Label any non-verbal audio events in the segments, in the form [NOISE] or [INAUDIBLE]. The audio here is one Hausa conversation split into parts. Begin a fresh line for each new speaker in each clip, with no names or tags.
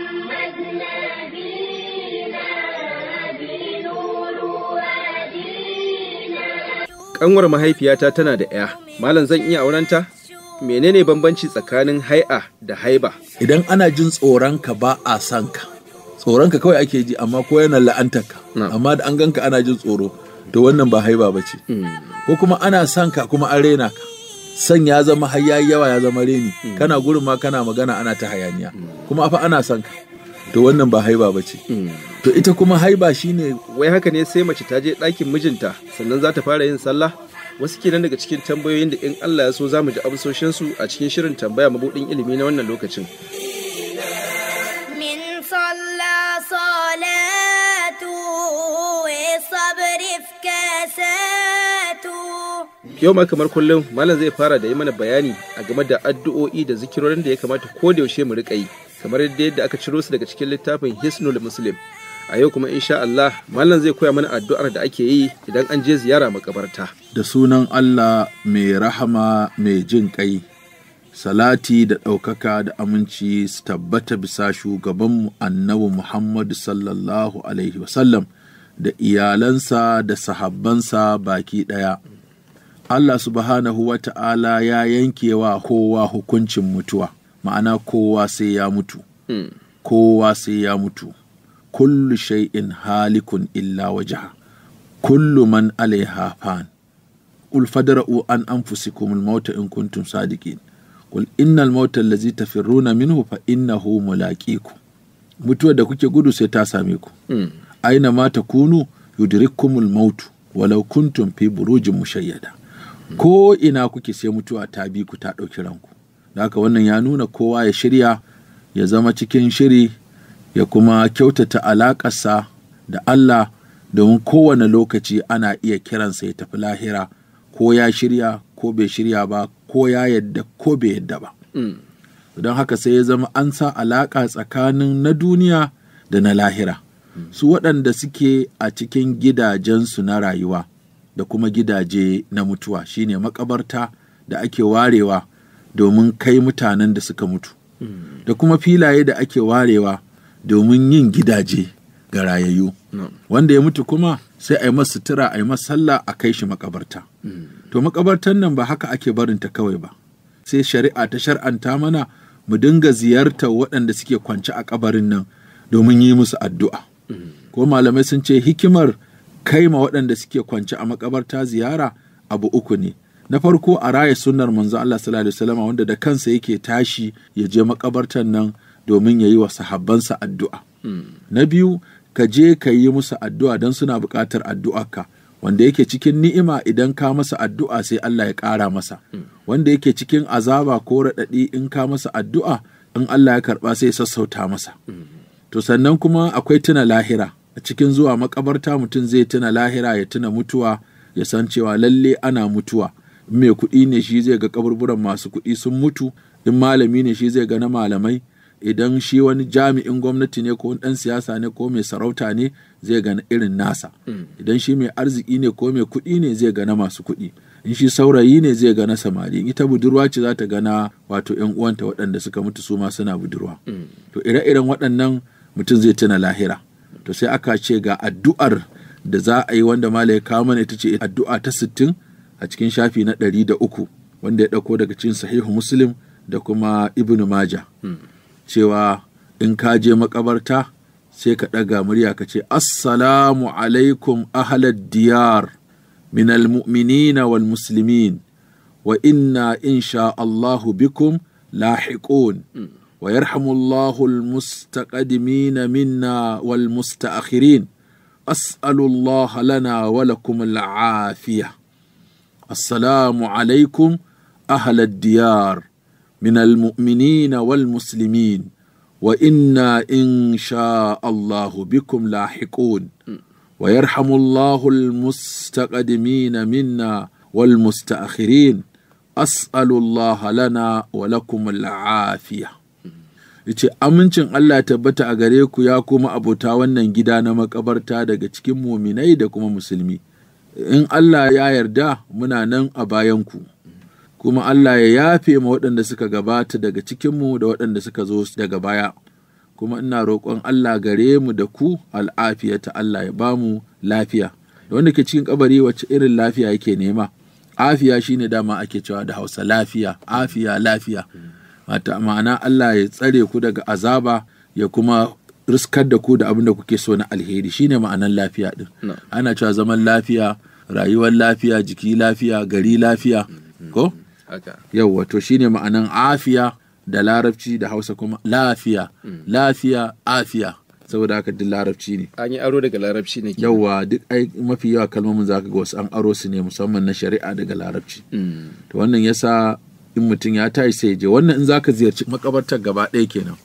ƙanwar kanwar mahaifiyata tana da 'ya
malam zan iya aurenta menene bambanci tsakanin hai'a da haiba idan ana jin tsoronka ba a son ka tsoronka kawai ake ji amma ko yana la'antarka amma da an ganka ana jin tsoro to wannan ba haiba ba ce hmm. ko kuma ana son ka kuma an rena ka san ya zama har yayi yawa ya zama reni hmm. kana gurin ma kana magana ana ta hayaniya hmm. kuma fa ana son ka to wannan ba haiba ba ce hmm. to ita kuma haiba shine wai
haka ne sai mace ta je ɗakin mijinta sannan za ta fara yin sallah wasu kenan daga cikin tambayoyin da in Allah ya so za mu ji su a cikin shirin tambaya mabudin ilimi na wannan lokacin yau ma kamar kullum malam zai fara da yi mana bayani a game da addu'o'i da zikirorin da ya kamata ko da yaushe mu riƙa yi kamar yadda aka ciro su daga cikin littafin hisnul muslim a yau kuma insha Allah malam zai koya mana addu'ar da ake yi idan an je ziyara makabarta
da sunan Allah mai rahama mai jin kai salati da ɗaukaka da aminci su tabbata bisa shugaban annabi Muhammadu sallallahu alaihi wasallam da iyalansa da sahabbansa baki ɗaya. Allah subhanahu wa ta'ala ya yankewa kowa hukuncin mutuwa ma'ana kowa sai ya mutu hmm. kowa sai ya mutu kullu shay'in halikun illa wajaha kullu man alaiha fan qul fadra'u an anfusikum al-mauta in kuntum sadiqin qul innal mauta min tafirruna minhu fa mulaƙi ku. Mutuwa da kuke gudu sai ta same ku hmm. aina mata kunu yudrikkumul mautu walau kuntum fi burujin mushayyada ko ina kuke sai mutuwa ta bi ku ta ɗauki ranku da haka wannan ya nuna kowa ya shirya ya zama cikin shiri ya kuma kyautata alaƙarsa da Allah domin kowane lokaci ana iya kiransa ya tafi lahira ko ya shirya ko bai shirya ba ko ya yadda ko bai yadda ba mm. don haka sai ya zama an sa alaƙa tsakanin na duniya da na lahira mm. su waɗanda suke a cikin gidajensu na rayuwa da kuma gidaje na mutuwa shine makabarta da ake warewa domin kai mutanen da suka mutu hmm. da kuma filaye da ake warewa domin yin gidaje ga rayayyu wanda ya mutu kuma sai a yi masu sutura a yi masu sallah a kai shi makabarta hmm. to makabartan nan ba haka ake barinta kawai ba sai shari'a ta shar'anta mana mu dinga ziyartar waɗanda suke kwance a kabarin nan domin yi musu addu'a hmm. ko malamai sun ce hikimar kai ma waɗanda suke kwance a makabarta ziyara abu uku ne na farko a raya sunnar manzo Allah sallallahu alaihi wasallam wanda da kansa yake tashi ya je makabartan nan domin ya yi wa sahabbansa addu'a hmm. na biyu ka je ka yi musu addu'a don suna buƙatar ka. wanda yake cikin ni'ima idan ka masa addu'a sai Allah ya ƙara masa hmm. wanda yake cikin azaba ko raɗaɗi in ka masa addu'a in Allah ya karɓa sai sassauta masa hmm. to sannan kuma akwai tuna lahira cikin zuwa makabarta mutum zai tuna lahira ya tuna mutuwa ya san cewa lalle ana mutuwa in mai kuɗi ne shi zai ga kaburburan masu kuɗi sun mutu in malami ne shi zai ga na malamai idan shi wani jami'in gwamnati ne ko ɗan siyasa ne ko mai sarauta ne zai ga na irin nasa hmm. idan shi mai arziki ne ko mai kuɗi ne zai ga na masu kuɗi in shi saurayi ne zai ga na samari ita budurwa ce za ta gana wato yan uwanta waɗanda suka mutu su ma suna budurwa hmm. to ire-iren waɗannan mutum zai tuna lahira to sai aka ce ga addu'ar da za a yi wanda mala ya kawo mana ita ce addu'a ta sittin a cikin shafi na ɗari da uku wanda ya ɗauko daga cikin sahihu muslim da kuma ibnu maja hmm. cewa in ka je makabarta sai ka ɗaga murya ka ce assalamu alaikum ahalar diyar minal mu'minina wal Musulmin. wa inna insha Allahu bikum lahiqun hmm. ويرحم الله المستقدمين منا والمستأخرين أسأل الله لنا ولكم العافية السلام عليكم أهل الديار من المؤمنين والمسلمين وإنا إن شاء الله بكم لاحقون ويرحم الله المستقدمين منا والمستأخرين أسأل الله لنا ولكم العافية ce amincin Allah tabbata a gare ku ya kuma abota wannan gida na makabarta daga cikin muminai da kuma musulmi in Allah ya yarda muna nan a bayanku kuma Allah ya yafe ma waɗanda suka gabata daga cikinmu da waɗanda suka zo daga baya kuma ina roƙon Allah gare mu da ku al'afiya ta Allah ya bamu lafiya da wanda ke cikin kabari wacce irin lafiya yake nema afiya shine dama ake cewa da Hausa lafiya afiya lafiya wata ma'ana Allah ya tsare ku daga azaba ya kuma riskar da ku da abin da kuke so na alheri shine ma'anan lafiya din ana cewa zaman lafiya rayuwar lafiya jiki lafiya gari lafiya mm-hmm. ko yawwa to shine ma'anan afiya da larabci da hausa kuma lafiya mm. lafiya afiya saboda haka duk larabci ne an yi aro daga larabci ne yawa duk ai mafi yawa kalmomin zaka ga wasu an aro su ne musamman na shari'a daga larabci
mm.
to wannan yasa in mutum ya tashi sai je wannan in zaka ziyarci makabartar gaba ɗaya kenan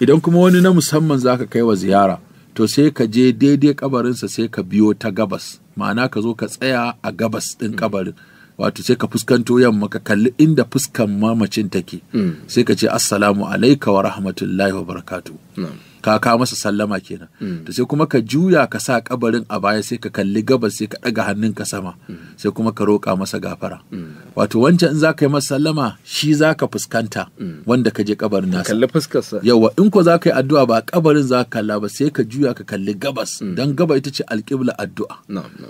idan kuma wani na musamman zaka kai wa ziyara to sai ka je daidai kabarinsa sai ka biyo ta gabas ma'ana ka zo ka tsaya a gabas ɗin kabarin wato sai ka fuskanto yamma ka kalli inda fuskan mamacin take hmm. sai ka ce assalamu alaika wa rahmatullahi wa barakatuh ka ka masa sallama kenan mm. to sai kuma ka juya ka sa kabarin a baya sai ka kalli gabas sai ka daga hannunka sama mm. sai kuma ka roƙa masa gafara mm. wato wancan in za yi masa sallama shi za fuskanta wanda ka je kabarin nasa kalli fuskarsa yawa in ko za yi addu'a ba kabarin za kalla ba sai ka juya ka kalli gabas dan gaba ita ce alƙibla addu'a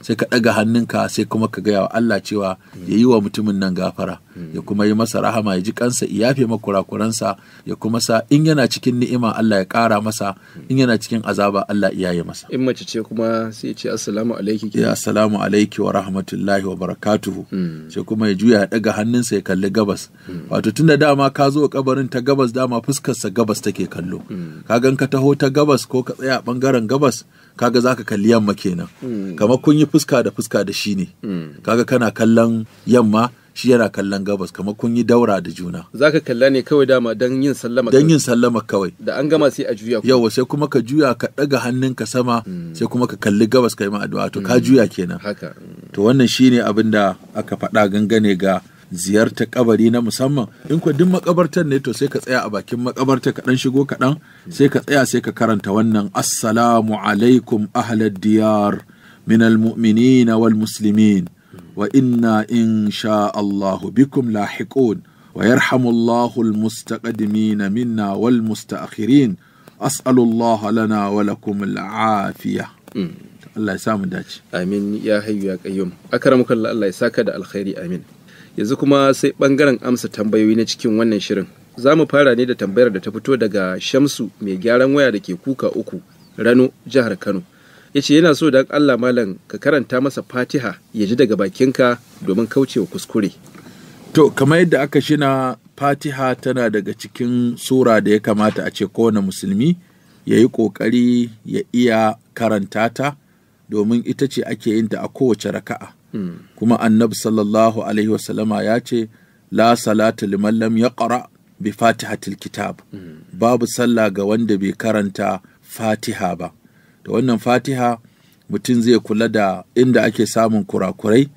sai ka daga ka sai kuma ka gaya wa Allah cewa ya yi wa mutumin nan gafara ya kuma yi masa rahama ya ji kansa iyafe yafe makurakuransa ya kuma sa in yana cikin ni'ima Allah ya ƙara masa masa in yana cikin azaba Allah iya yi masa
in mace ce kuma sai ya ce assalamu
alaiki ya assalamu alaiki wa rahmatullahi wa barakatuhu hmm. sai kuma ya juya ya daga hannunsa ya kalli gabas hmm. wato tunda dama ka zo kabarin ta gabas dama fuskarsa gabas take kallo hmm. ka gan ka taho ta gabas ko ka tsaya a bangaren gabas kaga zaka kalli yamma kenan kamar kun yi fuska da fuska da shi ne kaga kana kallon yamma shi yana kallon gabas kamar kun yi daura da juna
zaka kalla ne kawai dama dan yin sallama dan yin
sallama kawai da an gama sai a juya yawa sai kuma ka juya ka daga hannunka sama hmm. sai kuma ka kalli gabas kai ma addu'a to ka hmm. juya kenan haka to wannan shine abin da aka faɗa gangane ga ziyartar kabari na musamman in ko duk makabartar ne to sai ka tsaya a bakin makabartar kaɗan shigo kaɗan sai ka tsaya sai ka karanta wannan assalamu alaikum ahlad diyar min na wal muslimin wa inna in sha Allahu bikum lahiqun wa yarhamullahu almustaqdimina minna wal mustaakhirin as'alullaha lana wala kuma al'afiya mm. Allah ya samu dace
amin ya hayyu ya qayyum akramukallahu Allah ya saka da alkhairi amin yanzu kuma sai ɓangaren amsa tambayoyi na cikin wannan shirin za mu fara ne da tambayar da ta fito daga shamsu mai gyaran waya da ke kuka uku rano jihar kano ya ce yana so da allah malam
ka karanta masa fatiha ya ji daga bakinka domin kaucewa kuskure to kamar yadda aka shina fatiha tana daga cikin sura da ya kamata a ce kowane musulmi ya yi ƙoƙari ya iya karanta ta domin ita ce ake yin ta a kowace raka'a hmm. kuma annabi sallallahu alaihi wasallama ya ce la salata liman lam ƙara bi fatihatil kitab hmm. babu sallah ga wanda bai karanta fatiha ba da wannan fatiha mutum zai kula da inda ake samun kurakurai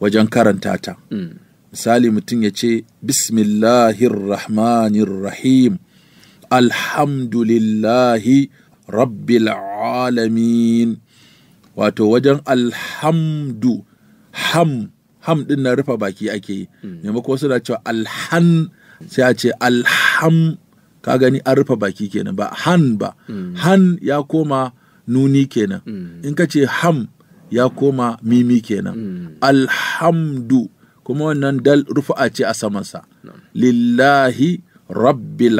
wajen karanta ta hmm. misali mutum ya ce bismillahirrahmanirrahim alhamdulillahi rabbil alamin wato wajen alhamdu ham ham din na rufe baki ake yi hmm. maimakon suna cewa alhan sai a ce alham ka gani an rufe baki kenan ba han ba hmm. han ya koma nuni kenan mm. in ka ce ham ya koma mimi kenan mm. alhamdu kuma wannan dal rufa'a ce a samansa lillahi rabbil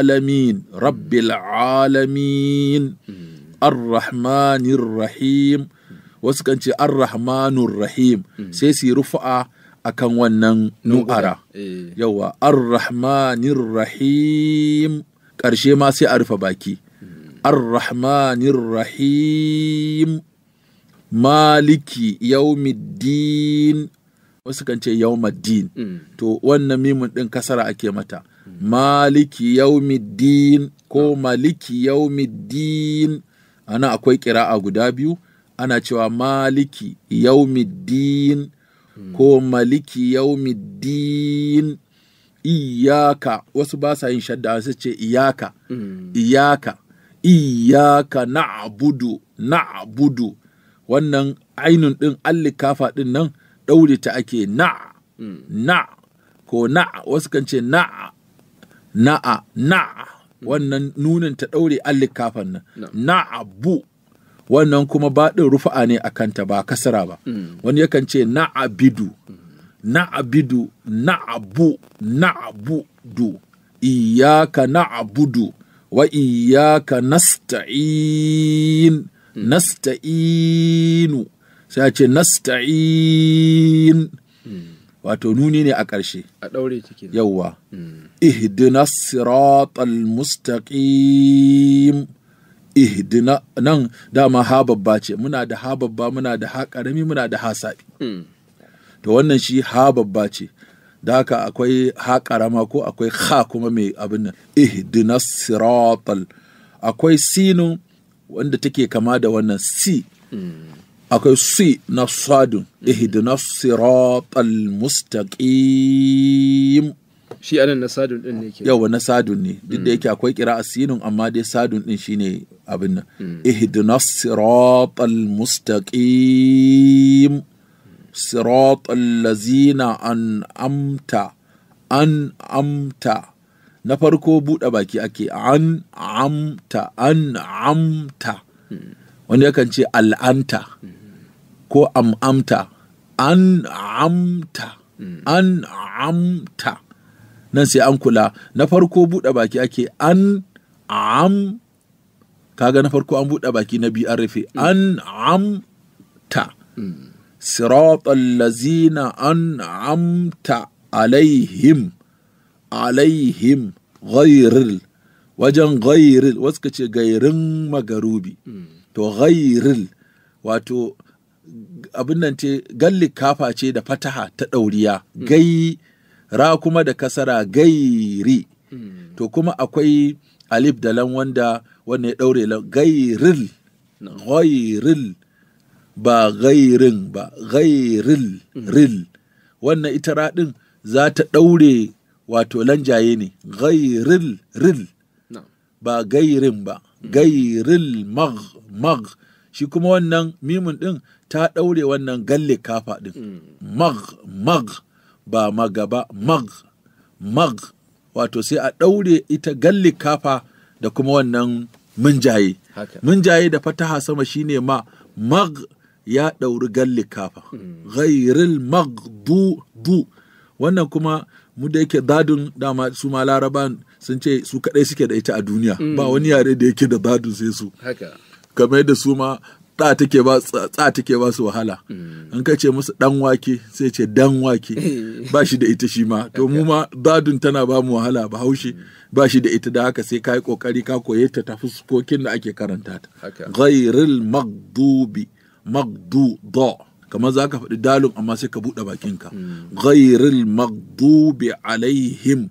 alamin rabbil alamin mm. arrahmanir rahim wasu kan ce arrahmanur rahim sai su rufa'a akan wannan nu'ara eh. yawa arrahmanir rahim ƙarshe ma sai a rufe baki الرحمن الرحيم maliki الدين wasu kan ce yau maddin mm. to wannan mimun ɗin kasara ake mata Maliki maliki maddin ko maliki maddin ana akwai kira'a guda biyu ana cewa maliki yau maddin mm. ko maliki maddin iyaka wasu ba sa yin shadda su ce iyaka mm. iyaka iyaka na'budu na'budu wannan ainun din allikafa din nan daure ta ake na na ko na wasu kan ce na na'a na wannan nunin ta daure allikafan nan na'abu wannan kuma ba baɗin rufa'a ne a kanta ba kasara ba mm. wani yakan ce na'abidu na'abidu na'abu na'abudu iyaka na'abudu wa iyyaka nasta'in hmm. nasta'inu sai nasta'in hmm. wato nuni ne a ƙarshe a ɗaure ciki yawwa hmm. ihdina siratal mustaqim ihdina nan dama ha babba ce muna da ha babba muna da ha ƙarami muna da ha saɓi to wannan shi ha babba ce da haka akwai ha karama ko akwai ha kuma mai abin nan ihdinas siratal akwai sinu wanda take kama da wannan si akwai si na sadun ihdinas siratal mustaqim
shi anan na sadun din ne ke yawa
na sadun ne duk da mm. yake akwai kira asinun amma dai sadun din shine abin nan mm. ihdinas siratal mustaqim صراط الذين أنعمت أنعمت na farko buɗe baki ake an amta an amta wani yakan ce al'anta ko am'amta an amta an amta nan sai an kula na farko buɗe baki ake an am kaga na farko an buɗe baki na biyu an rufe صراط الذين أنعمت alaihim alaihim ghairil wajen ghairil wasu ce gairin magarubi to ghairil wato abin nan ce galli kafa ce da fataha ta ɗauriya ra kuma da kasara gairi to kuma akwai alif da lan wanda wanda ya ɗaure lan gairil ghairil ba gairin ba gairil ril wannan ita raɗin za ta ɗaure wato lanjaye ne gairil ril ba gairin ba gairil mag mag shi kuma wannan mimun ɗin ta ɗaure wannan galle kafa ɗin mm. mag mag ba magaba mag mag wato sai a ɗaure ita galle kafa da kuma wannan munjaye munjaye da fataha sama shine ma mag ya ɗauri gan likafa hmm. ghairil maghdudu wannan kuma mu da yake dadin dama su ma laraban sun ce su kaɗai suke da ita a duniya hmm. ba wani yare da yake da dadin sai su kame da su ma tsa take ba su wahala hmm. an ka ce musu dan wake sai ce dan wake [LAUGHS] ba shi da ita shi ma to mu ma dadin tana ba mu wahala ba haushi ba shi da ita da haka sai ka yi kokari ka koye ta tafi fuskokin da ake karanta ta ghairil maghdubi magduda kamar za ka faɗi dalun amma sai ka buɗe bakinka ghairil magdubi alaihim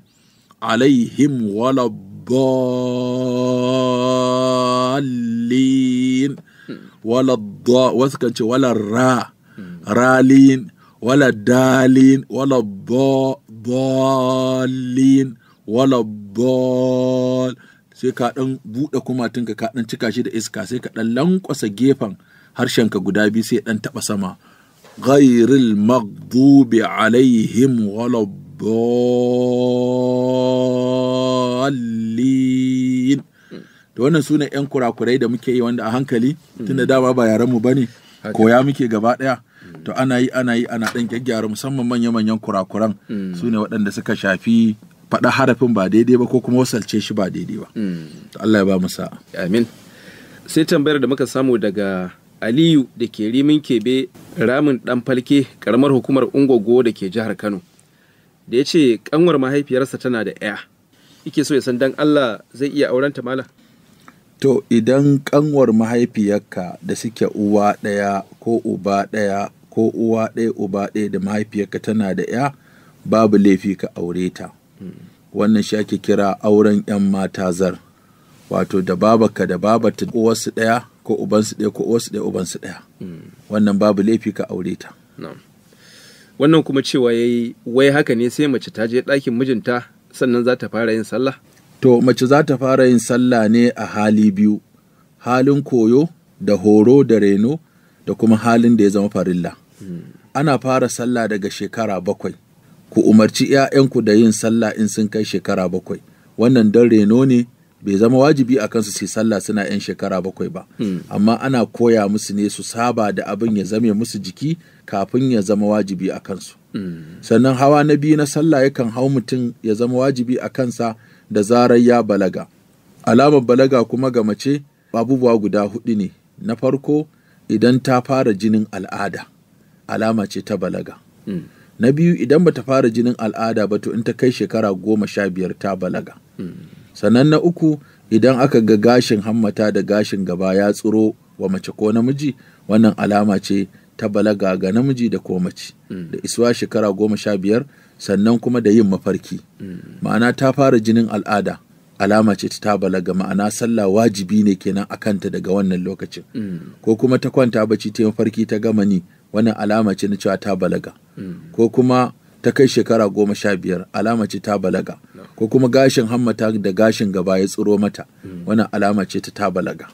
alaihim wala dallin wala da wasu kan ce wala ra ralin wala dalin wala dallin wala dall sai ka ɗan buɗe kumatinka ka ɗan cika shi da iska sai ka ɗan lankwasa gefen harshenka guda biyu sai ɗan taɓa sama ghairil maghdubi alaihim walabbalin to wannan sune yan kurakurai da muke yi wanda a hankali tunda hmm. dama ba yaren mu ba ne. koya muke gaba ɗaya hmm. to ana yi ana yi ana dan gyaggyara musamman manya manyan kurakuran hmm. ne waɗanda suka shafi faɗa harafin ba daidai ba ko kuma wasalce shi ba daidai ba to Allah ya ba musa
amin sai tambayar da muka samu daga aliyu da ke rimin kebe ramin ɗan falke ƙaramar hukumar ungogo da ke jihar kano da ya ce ƙanwar mahaifiyarsa tana da ɗaya ike so ya san dan allah zai iya auren ta mala
to idan ƙanwar mahaifiyarka da suke uwa ɗaya ko uba ɗaya ko uwa ɗaya uba ɗaya da mahaifiyarka tana da ɗaya babu laifi ka aure ta hmm. wannan shi ake kira auren 'yan mata zar wato da babaka da babata uwarsu ɗaya ko ubansu ɗaya ko wasu ɗaya ubansu ɗaya wannan babu laifi ka aure ta
wannan kuma cewa yayi wai haka ne sai mace ta je ɗakin mijinta sannan za ta fara yin sallah
to mace za ta fara yin sallah ne a hali biyu halin koyo da horo da reno da kuma halin da ya zama farilla ana fara sallah daga shekara bakwai ku umarci 'ya'yanku da yin sallah in sun kai shekara bakwai wannan don reno ne bai zama wajibi a kansu sai sallah suna 'yan shekara bakwai ba hmm. amma ana koya musu ne su saba da abin ya zame musu jiki kafin ya zama wajibi a kansu hmm. sannan hawa na biyu na sallah yakan hau mutum ya zama wajibi a kansa da zarar ya balaga alamar balaga kuma ga mace abubuwa guda hudu ne na farko idan ta fara jinin al'ada alama ce ta balaga hmm. na biyu idan bata fara jinin al'ada ba to in ta kai shekara goma sha biyar ta balaga sannan na uku idan aka ga gashin hammata da gashin gaba ya tsiro wa mace ko namiji wannan alama ce ta balaga ga namiji da ko mace mm. da isuwa shekara goma sha biyar sannan kuma da yin mafarki mm. ma'ana ta fara jinin al'ada alama ce ta balaga ma'ana sallah wajibi ne kenan a kanta daga wannan lokacin mm. ko kuma ta kwanta bacci ta mafarki ta gama ni wannan alama ce na cewa ta balaga ko kuma ta kai shekara goma sha biyar alama ce ta balaga ko kuma gashin hammata da gashin gaba ya tsiro mata wannan alama ce ta balaga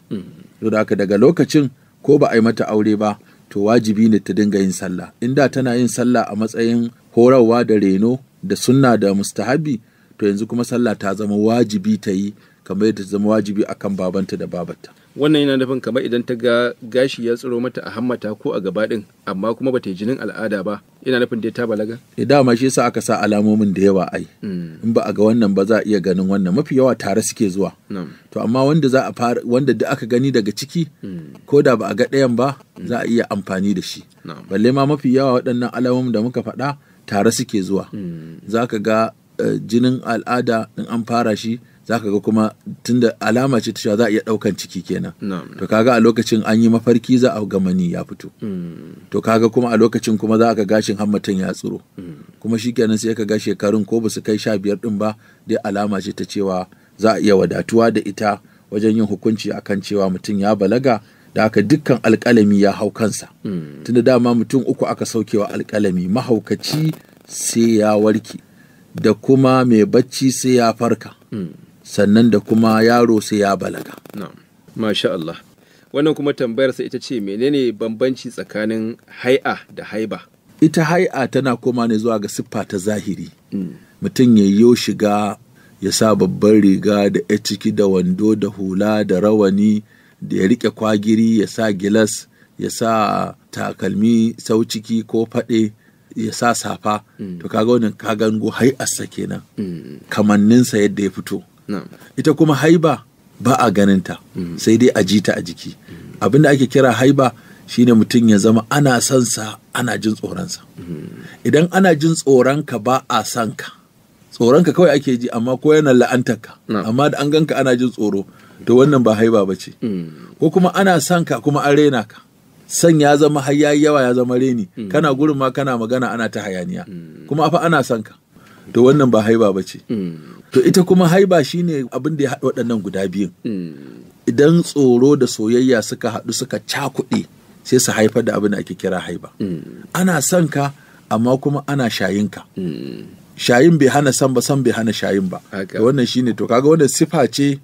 to da haka daga lokacin ko ba a yi mata aure ba to wajibi ne ta dinga yin sallah in da tana yin sallah a matsayin horarwa da reno da sunna da mustahabi to yanzu kuma sallah ta zama wajibi ta yi kamar yadda ta zama wajibi akan babanta da babanta
wannan yana nufin kamar idan ta ga gashi ya tsiro mata a hammata ko a gaba
din amma kuma bata yi jinin al'ada ba
yana nufin dai ta balaga da
eh, dama shi yasa aka sa alamomin da yawa ai hmm. in ba a ga wannan ba za a iya ganin wannan mafi yawa tare suke zuwa to amma wanda za a fara wanda da aka gani daga ciki hmm. ko da ba a ga ɗayan ba hmm. za a iya amfani da shi balle ma mafi yawa waɗannan alamomin da muka faɗa tare suke zuwa za ka ga eh, jinin al'ada in an fara shi za ka ga kuma tunda alama ce ta cewa za a iya ɗaukan ciki kenan to kaga a lokacin an yi mafarki za a ga mani ya fito mm. to kaga kuma a lokacin kuma za ka gashin hammatan ya tsiro mm. kuma shikenan sai ka ga shekarun ko ba su kai sha biyar ɗin ba dai alama ce ta cewa za a iya wadatuwa da ita wajen yin hukunci akan cewa mutum ya balaga da haka dukkan alƙalami ya hau kansa mm. tunda dama mutum uku aka saukewa alƙalami mahaukaci sai ya warke da kuma mai bacci sai ya farka sannan da kuma yaro sai ya balaga masha Allah
wannan kuma tambayar tambayarsa ita ce menene bambanci tsakanin hai'a da haiba
ita hai'a tana koma ne zuwa ga siffa ta zahiri mm. mutum ya yi shiga ya sa babban riga da ya ciki da wando da hula da rawani da ya rike kwagiri ya sa gilas ya sa takalmi sauciki ko faɗe ya sa safa mm. to kaga wannan ka gango hai sa kenan mm. kamanninsa yadda ya fito ita kuma haiba ba a ganinta mm. sai dai a ji ta a jiki abin da ake kira haiba shine mutum ya zama ana sansa ana jin tsoronsa mm. idan ana jin tsoronka ba a sanka. tsoronka kawai ake ji amma ko yana la'antarka amma da an ganka ana jin tsoro to wannan ba haiba ba ce mm. ko kuma ana sanka kuma an rena ka san ya zama har yawa ya zama reni kana gurin ma kana magana ana ta hayaniya kuma fa ana sanka. ka to wannan ba haiba ba ce to ita kuma haiba shine abin da ya haɗu waɗannan guda biyun idan tsoro da soyayya suka haɗu suka cakuɗe sai su haifar da abin da ake kira haiba ana son ka amma kuma ana shayin ka shayin bai hana san ba san bai hana shayin ba wannan shine to kaga wannan sifa ce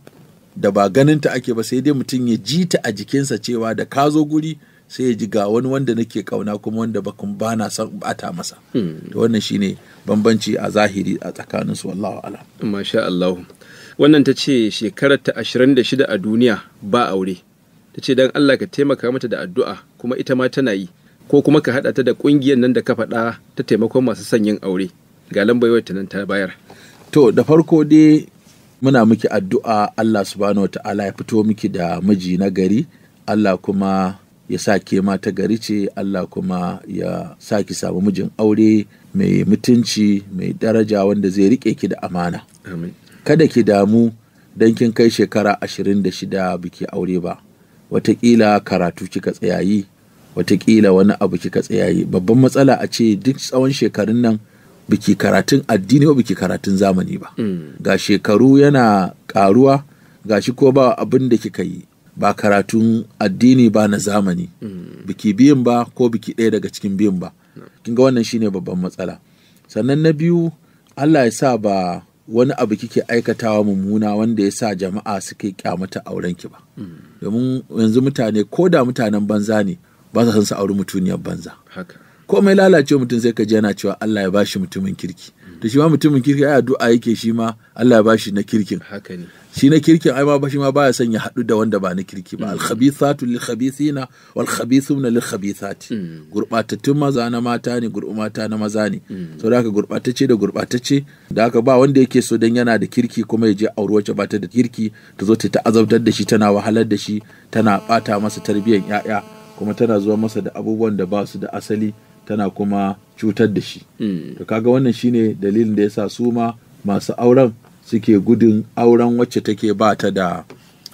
da ba ganin ta ake ba sai dai mutum ya ji ta a jikinsa cewa da ka zo guri sai ya ji ga wani wanda nake kauna kuma wanda bakun ba na son bata masa hmm. to wannan shine bambanci a zahiri a tsakanin su wallahu ala masha Allah wannan ta ce shekarar ta 26 a
duniya ba aure ta ce dan Allah ka taimaka mata da addu'a kuma ita ma tana yi ko kuma ka haɗa ta da ƙungiyar nan da ka faɗa ta taimakon masu yin aure ga lambayar ta nan ta
bayar to da farko dai muna miki addu'a Allah subhanahu wataala ya fito miki da miji na gari Allah kuma ya sa ke ma gari ce Allah kuma ya sa ki samu mijin aure mai mutunci mai daraja wanda zai rike ki da amana kada ki damu don kin kai shekara ashirin da shida biki aure ba watakila karatu kika tsayayi watakila wani abu kika tsayayi babban matsala a ce duk tsawon shekarun nan biki karatun addini ba biki karatun zamani ba mm. ga shekaru yana karuwa shi ko ba abin da kika yi ba karatun addini ba na zamani hmm. biki biyun ba ko biki ɗaya daga cikin biyun ba hmm. kin ga wannan shine babban matsala sannan na biyu Allah ya sa ba wani abu kike aikatawa mummuna wanda ya sa jama'a suke kyamata auren ki ba hmm. domin yanzu mutane ko da mutanen banza ne ba sa son su auri mutuniyar banza komai lalace mutum sai ka ji yana cewa Allah ya bashi mutumin kirki da shi ma mutumin kirki ai addu'a yake shi ma Allah ya bashi na kirkin haka ne shi na kirkin ai ma ba shi ma baya son ya haɗu da wanda ba na kirki ba mm. al-khabithatu lil khabithina wal khabithuna lil khabithati mm. gurbatattun maza na mata ne gurbata na maza ne mm. da haka gurbatacce da gurbatacce da haka ba wanda yake so dan yana da kirki kuma ya je auri wacce ba ta da kirki ta zo ta azabtar da shi tana wahalar da shi tana bata masa tarbiyyar ya'ya kuma tana zuwa masa da abubuwan da ba su da asali tana kuma cutar da shi hmm. to kaga wannan shine dalilin da yasa su ma masu auren suke gudun auren wacce take ba ta da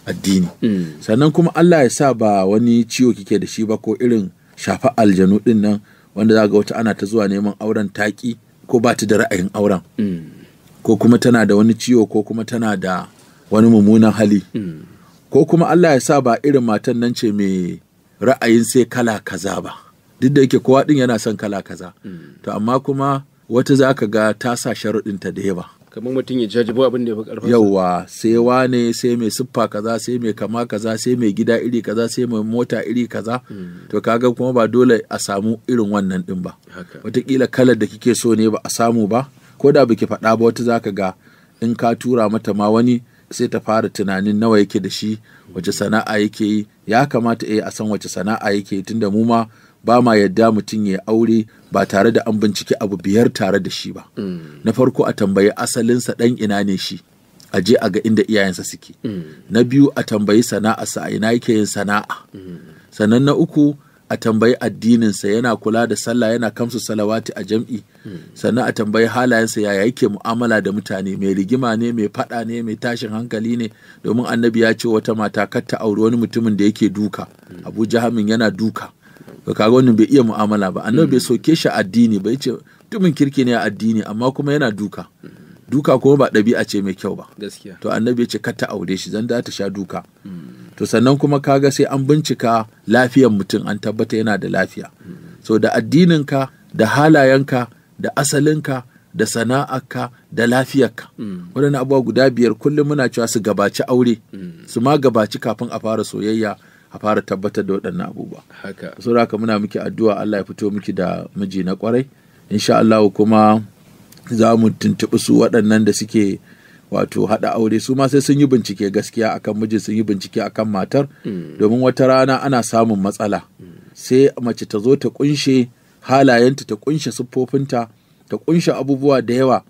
addini hmm. sannan kuma Allah ya sa ba wani ciwo kike da shi ba ko irin shafa aljanu din nan wanda za ga wata ana ta zuwa neman auren taki ko ba ta da ra'ayin auren hmm. ko kuma tana da wani ciwo ko kuma tana da wani mummunan hali ko kuma Allah ya sa ba irin matan nan ce mai ra'ayin sai kala kaza ba duk da yake kowa din yana son kala kaza mm. to amma kuma wata za ka ga ta sa sharuɗin ta da yawa
kamar mutum ya jajibo abin da ya fi yawa
sai wane sai mai siffa kaza sai mai kama kaza sai mai gida iri kaza sai mai mota iri kaza mm. to ka ga kuma ba dole a samu irin wannan din ba watakila kalar da kike so ne ba a samu ba ko da baki faɗa ba wata zaka ga in ka tura mata ma wani sai ta fara tunanin nawa yake da shi wace sana'a yake yi ya kamata eh a san wace sana'a yake yi tunda mu ma ba ma yadda mutum ya yi aure ba tare da an bincike abu biyar tare da shi ba na farko a tambayi asalinsa ɗan ina ne shi a je a ga inda iyayensa suke na biyu a tambayi sana'a sana'arsa a ina yake yin sana'a sannan na uku a tambayi addininsa yana kula da sallah yana kamsu salawati a jam'i sannan a tambayi halayensa yaya yake mu'amala da mutane mai rigima ne mai faɗa ne mai tashin hankali ne domin annabi ya ce wata mata kar ta auri wani mutumin da yake duka Abuja jahamin yana duka to kaga wannan bai iya mu'amala ba annabi bai mm. soke shi addini ba yace mutumin kirki ne a addini amma kuma yana duka mm. duka kuma ba dabi'a ce mai kyau ba to annabi yace ce ka ta aure shi zan da ta sha duka mm. to sannan kuma kaga sai an bincika lafiyar mutum an tabbata yana da lafiya so da addininka da halayenka da asalinka da sana'arka da lafiyarka ka waɗannan abubuwa guda biyar kullum muna cewa su gabaci aure su ma gabaci kafin a fara soyayya a fara tabbatar da waɗannan abubuwa haka saboda haka muna miki addu'a Allah ya fito miki da miji na kwarai insha Allah kuma za mu tuntuɓi su waɗannan da suke wato haɗa aure su ma sai sun yi bincike gaskiya akan mijin sun yi bincike akan matar hmm. domin wata rana ana samun matsala hmm. sai mace ta zo ta kunshe halayenta ta kunshe siffofinta ta kunshe abubuwa da yawa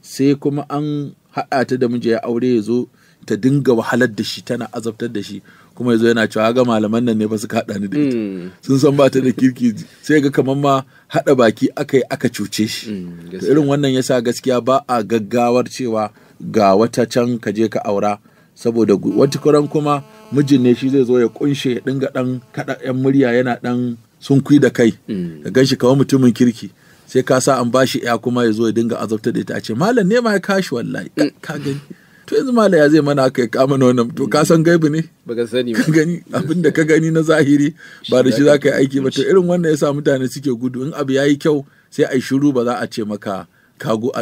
sai kuma an haɗa ta da miji ya aure ya zo ta dinga wahalar da shi tana azabtar da shi kuma yazo yana cewa ga malaman nan ne ba suka haɗa ni da ita hmm. sun san ba ta da kirki sai ga kamar ma haɗa baki aka yi aka cuce shi hmm, to irin wannan yasa gaskiya ba a gaggawar cewa ga wata can ka je ka aura saboda wata kuran kuma mijin ne shi zai zo ya kunshe ya dinga dan kada yan murya yana dan sunkwi da kai hmm. ka gan shi kawai mutumin kirki sai ka sa an bashi ya kuma ya zo ya dinga azabta da ita a ce malam ne ma ya kashi wallahi ka gani to yanzu malaya ya zai mana aka kama na wannan to ka san gaibu ne baka sani ka gani abin da ka gani na zahiri ba da shi zaka yi aiki ba to irin wannan sa mutane suke gudu in abu yayi kyau sai ai shiru ba za a ce maka kago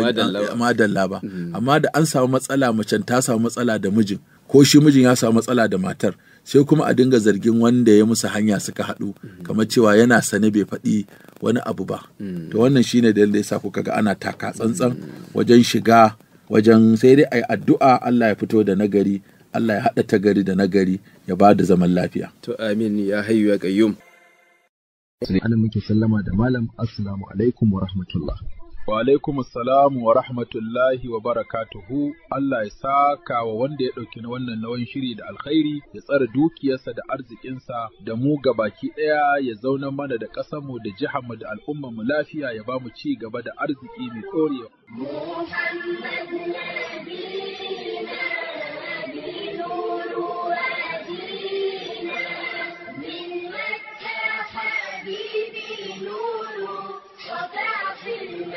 madalla ba mm-hmm. amma da an samu matsala macen ta samu matsala da mijin ko shi mijin ya samu matsala da matar sai kuma a dinga zargin wanda ya musu hanya suka haɗu mm-hmm. kamar cewa yana sane bai faɗi wani abu ba mm-hmm. to wannan shine da yasa kuka ga ana taka tsantsan wajen shiga wajen sai dai a yi addu'a Allah ya fito da nagari Allah ya haɗa tagari da nagari ya ba da zaman lafiya
to amin ya hayu ya qayyum
sai muke sallama da malam assalamu alaikum wa rahmatullah وعليكم السلام ورحمة الله وبركاته الله يساك ووندي لكن ونن نوين شري الخيري يسار دوكي يسا دا إنسا دا غباكي إيا يزونا مانا دا قسمو دا جحم دا ملافيا يبامو تشي غبا دا أرزك إيمي كوريو
محمد نبينا نبي نور من مكة حبيبي نور وطرع